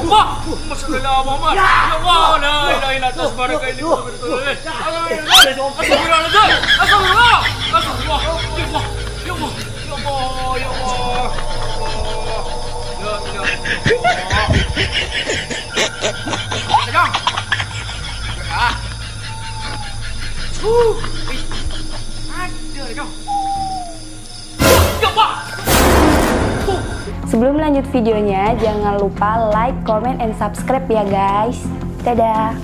اللهم صل على محمد يا الله لا اله الا انت تبارك انك استغفر الله استغفر الله استغفر الله يا الله يا الله يا الله يا الله لا اله الا الله Sebelum lanjut videonya, jangan lupa like, comment, and subscribe ya guys. Dadah!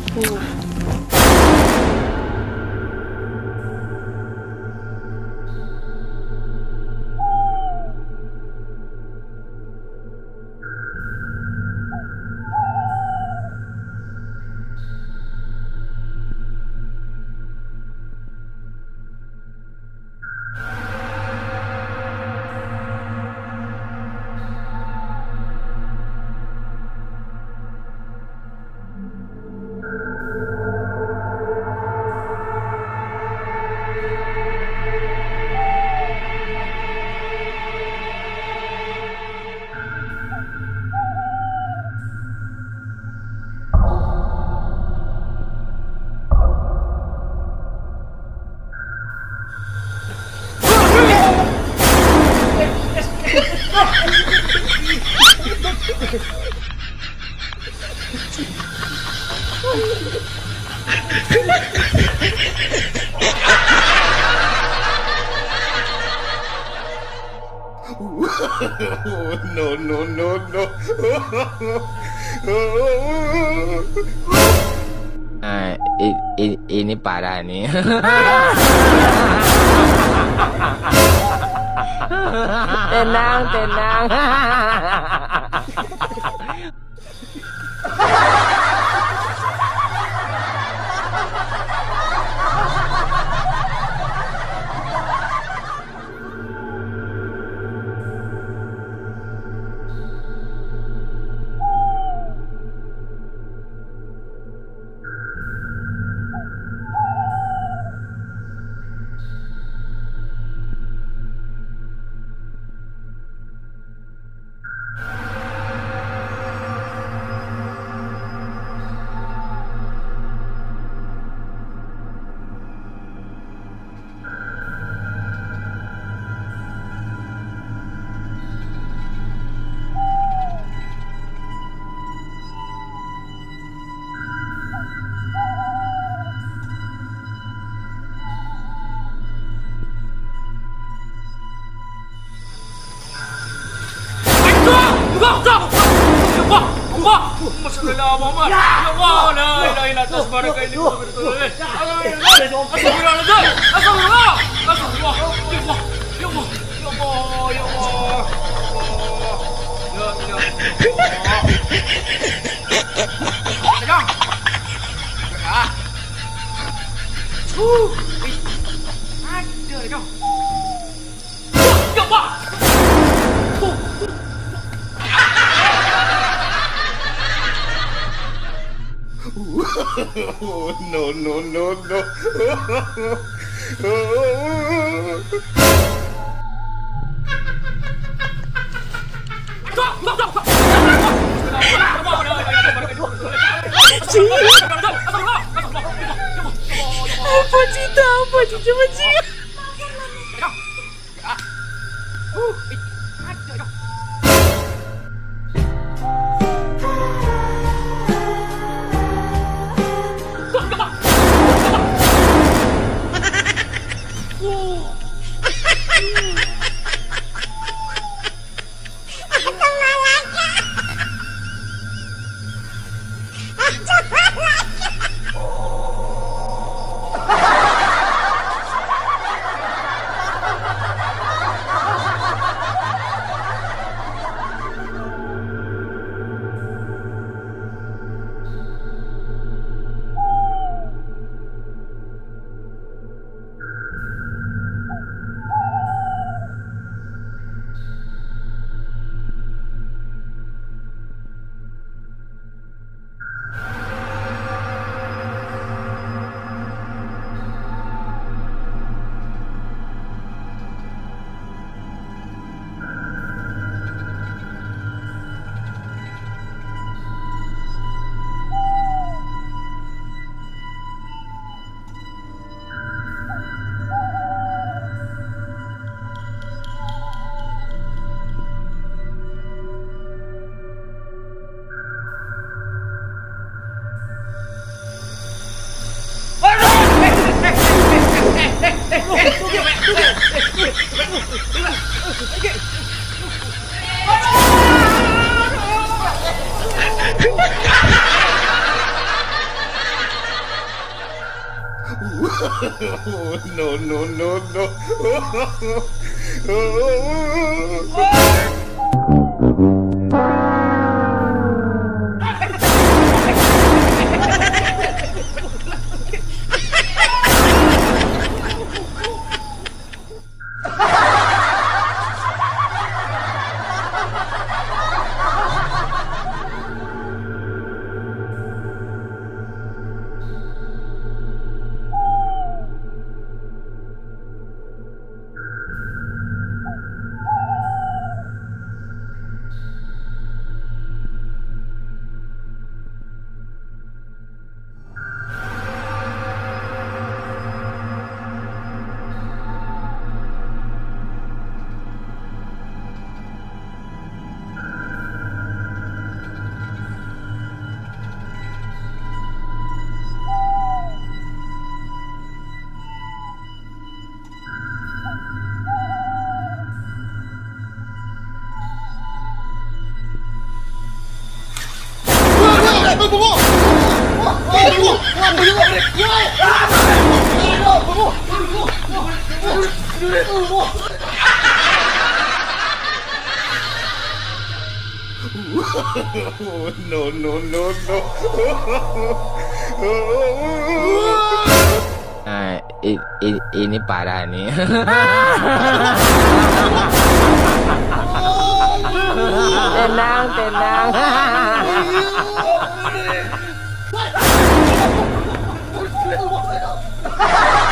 Oh, no, no, no, no. Nah, i, i, ini parah nih. tenang, tenang. Ada dong. Ya, Pak. Oh, no, no, no, no. Tio! Pode dar, pode, tio, tio. oh, no, no, no, no. oh. no, no, no, no. nah, i, i, ini parah nih. tenang, tenang.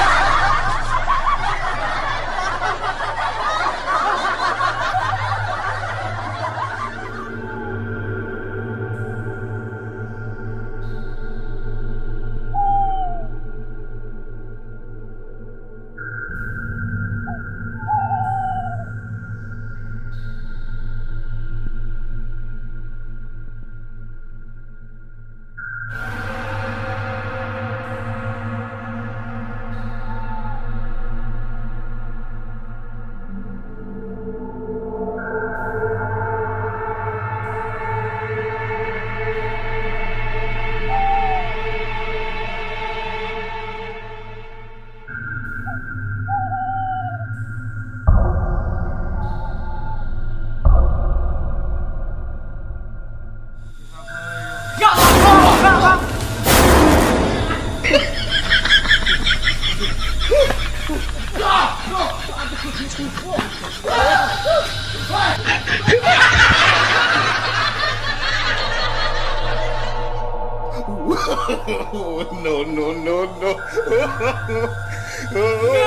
Sim.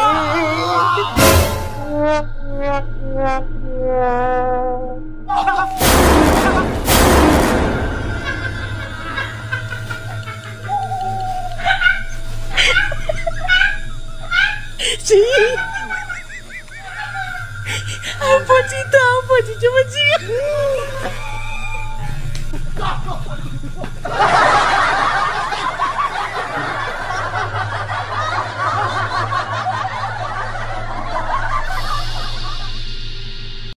Ah, pode então, pode, pode.